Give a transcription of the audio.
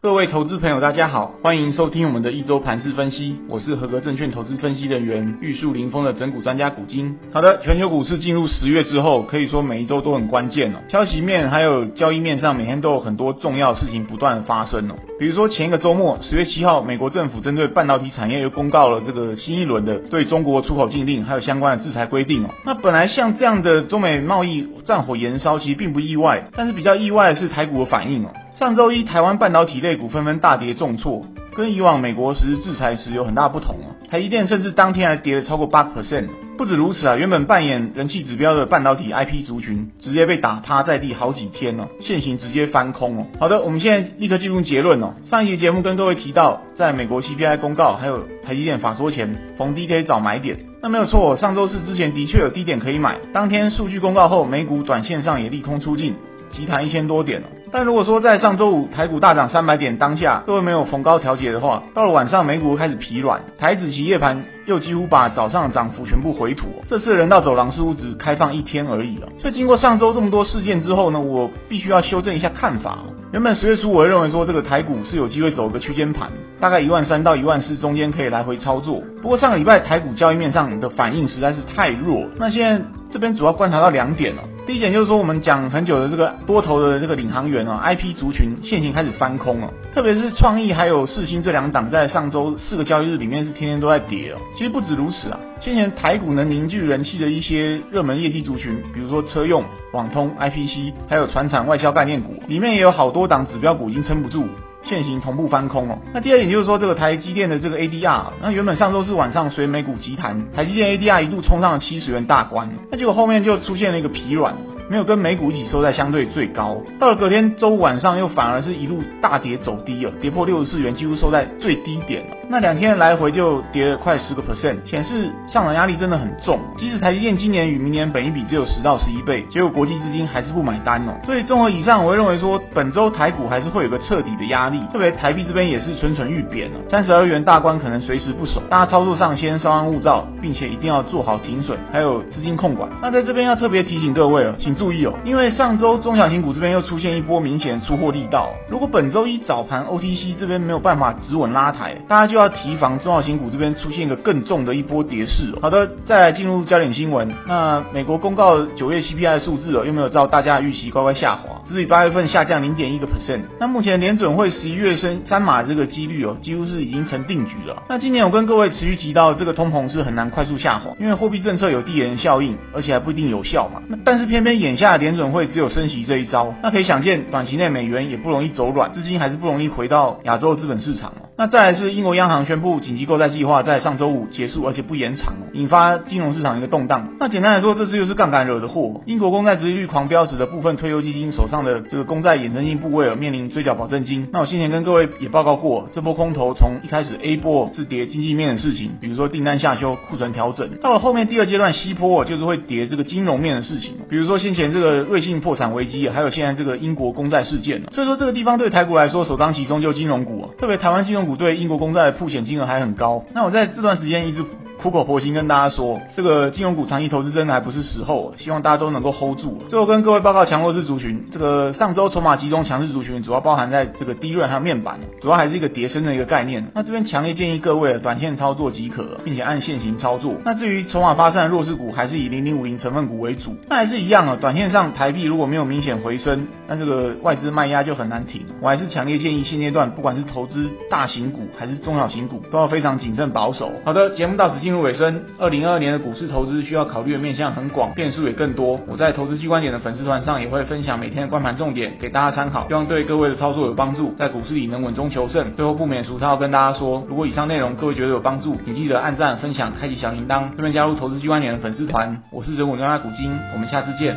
各位投資朋友，大家好，歡迎收聽我們的一周盤市分析。我是合格證券投資分析人員玉樹臨風的整股專家古今。好的，全球股市進入十月之後，可以說每一周都很關鍵哦。消息面還有交易面上，每天都有很多重要事情不斷的發生哦。比如說前一個周末，十月七號，美國政府針對半導體產業又公告了這個新一輪的對中國出口禁令，還有相關的制裁規定哦。那本來像這樣的中美貿易戰火延燒，其實並不意外。但是比較意外的是台股的反應哦。上周一，台灣半導體類股紛紛大跌重挫，跟以往美國實施制裁時有很大不同哦、啊。台積電甚至當天還跌了超過八 percent。不止如此啊，原本扮演人氣指標的半導體 IP 族群，直接被打趴在地好幾天哦、啊，線型直接翻空哦、啊。好的，我們現在立刻進入結論哦、啊。上一集節目跟各位提到，在美國 CPI 公告還有台積電法說前，逢低可以找買點。那沒有錯，上周四之前的確有低點可以買。當天數據公告後，美股短線上也利空出盡，急彈一千多點哦。但如果說在上周五台股大漲三百點當下，各位沒有逢高調節的話，到了晚上美股開始疲軟，台指期夜盤又幾乎把早上的漲幅全部回吐。這次人道走廊似乎只開放一天而已啊！所以經過上周這麼多事件之後呢，我必須要修正一下看法。原本十月初我認為說這個台股是有機會走一個區間盤，大概一萬三到一萬四中間可以來回操作。不過上個禮拜台股交易面上的反應實在是太弱了，那現在這邊主要觀察到兩點了。第一點就是說，我們講很久的這個多頭的這個領航員哦啊，IP 族群現行開始翻空了，特別是創意還有世芯這兩檔，在上周四個交易日裡面是天天都在跌哦。其實不止如此啊，先前台股能凝聚人氣的一些熱門業績族群，比如說車用、網通、IPC，還有傳產外銷概念股，裡面也有好多檔指標股已經撐不住。現線型同步翻空哦。那第二點就是說，這個台積電的這個 ADR，那原本上周四晚上隨美股急彈，台積電 ADR 一度衝上了七十元大關，那結果後面就出現了一個疲軟。沒有跟美股一起收在相對最高，到了隔天周五晚上又反而是一路大跌走低了，跌破六十四元，幾乎收在最低點。那兩天來回就跌了快十個 percent，顯示上漲壓力真的很重。即使台積電今年與明年本益比只有十到十一倍，結果國際資金還是不買單哦。所以綜合以上，我會認為說本周台股還是會有個徹底的壓力，特別台幣這邊也是蠢蠢欲貶哦，三十二元大關可能隨時不守。大家操作上先稍安勿躁，並且一定要做好停損，還有資金控管。那在這邊要特別提醒各位哦，請。注意哦，因為上周中小型股這邊又出現一波明顯出貨力道哦，如果本周一早盤 OTC 這邊沒有辦法止穩拉抬，大家就要提防中小型股這邊出現一個更重的一波跌勢哦。好的，再來進入焦點新聞。那美國公告九月 CPI 數字哦，有沒有知道大家的預期乖乖下滑？至於八月份下降零點一個 percent，那目前聯準會十一月升三碼這個幾率哦，幾乎是已經成定局了。那今年我跟各位持續提到，這個通膨是很難快速下滑，因為貨幣政策有遞延效應，而且還不一定有效嘛。那但是偏偏眼下聯準會只有升息這一招，那可以想見短期內美元也不容易走軟，資金還是不容易回到亞洲資本市場哦。那再來是英國央行宣布緊急購債計劃在上周五結束，而且不延長，引發金融市場一個動盪。那簡單來說，這次又是槓桿惹的禍。英國公債殖利率狂飆使得部分退休基金手上的這個公債衍生性部位，面臨追繳保證金。那我先前跟各位也報告過，這波空頭從一開始 A 波是跌經濟面的事情，比如說訂單下修、庫存調整；到了後面第二階段 C 波，就是會跌這個金融面的事情，比如說先前這個瑞信破產危機，還有現在這個英國公債事件。所以說這個地方對台股來說，首當其衝就金融股，特別台灣金融。股對英國公債曝險金額還很高，那我在這段時間一直苦口婆心跟大家說，這個金融股長期投資真的還不是時候，希望大家都能夠 hold 住。最後跟各位報告強弱勢族群，這個上周籌碼集中強勢族群主要包含在這個 DRAM 還有面板，主要還是一個跌深的一個概念。那這邊強烈建議各位短線操作即可，並且按現行操作。那至於籌碼發散的弱勢股，還是以零零五零成分股為主。那還是一樣啊，短線上台幣如果沒有明顯回升，那這個外資賣壓就很難停。我還是強烈建議現階段不管是投資大型新股還是中小型股都要非常謹慎保守。好的，節目到此進入尾聲。二零二二年的股市投資需要考慮的面向很廣，變數也更多。我在投資 G 觀點的粉絲團上也會分享每天的觀盤重點給大家參考，希望對各位的操作有幫助，在股市裡能穩中求勝。最後不免俗套，跟大家說，如果以上內容各位覺得有幫助，請記得按贊、分享、開啟小鈴鐺，順便加入投資 G 觀點的粉絲團。我是人文中大股晶，我們下次見。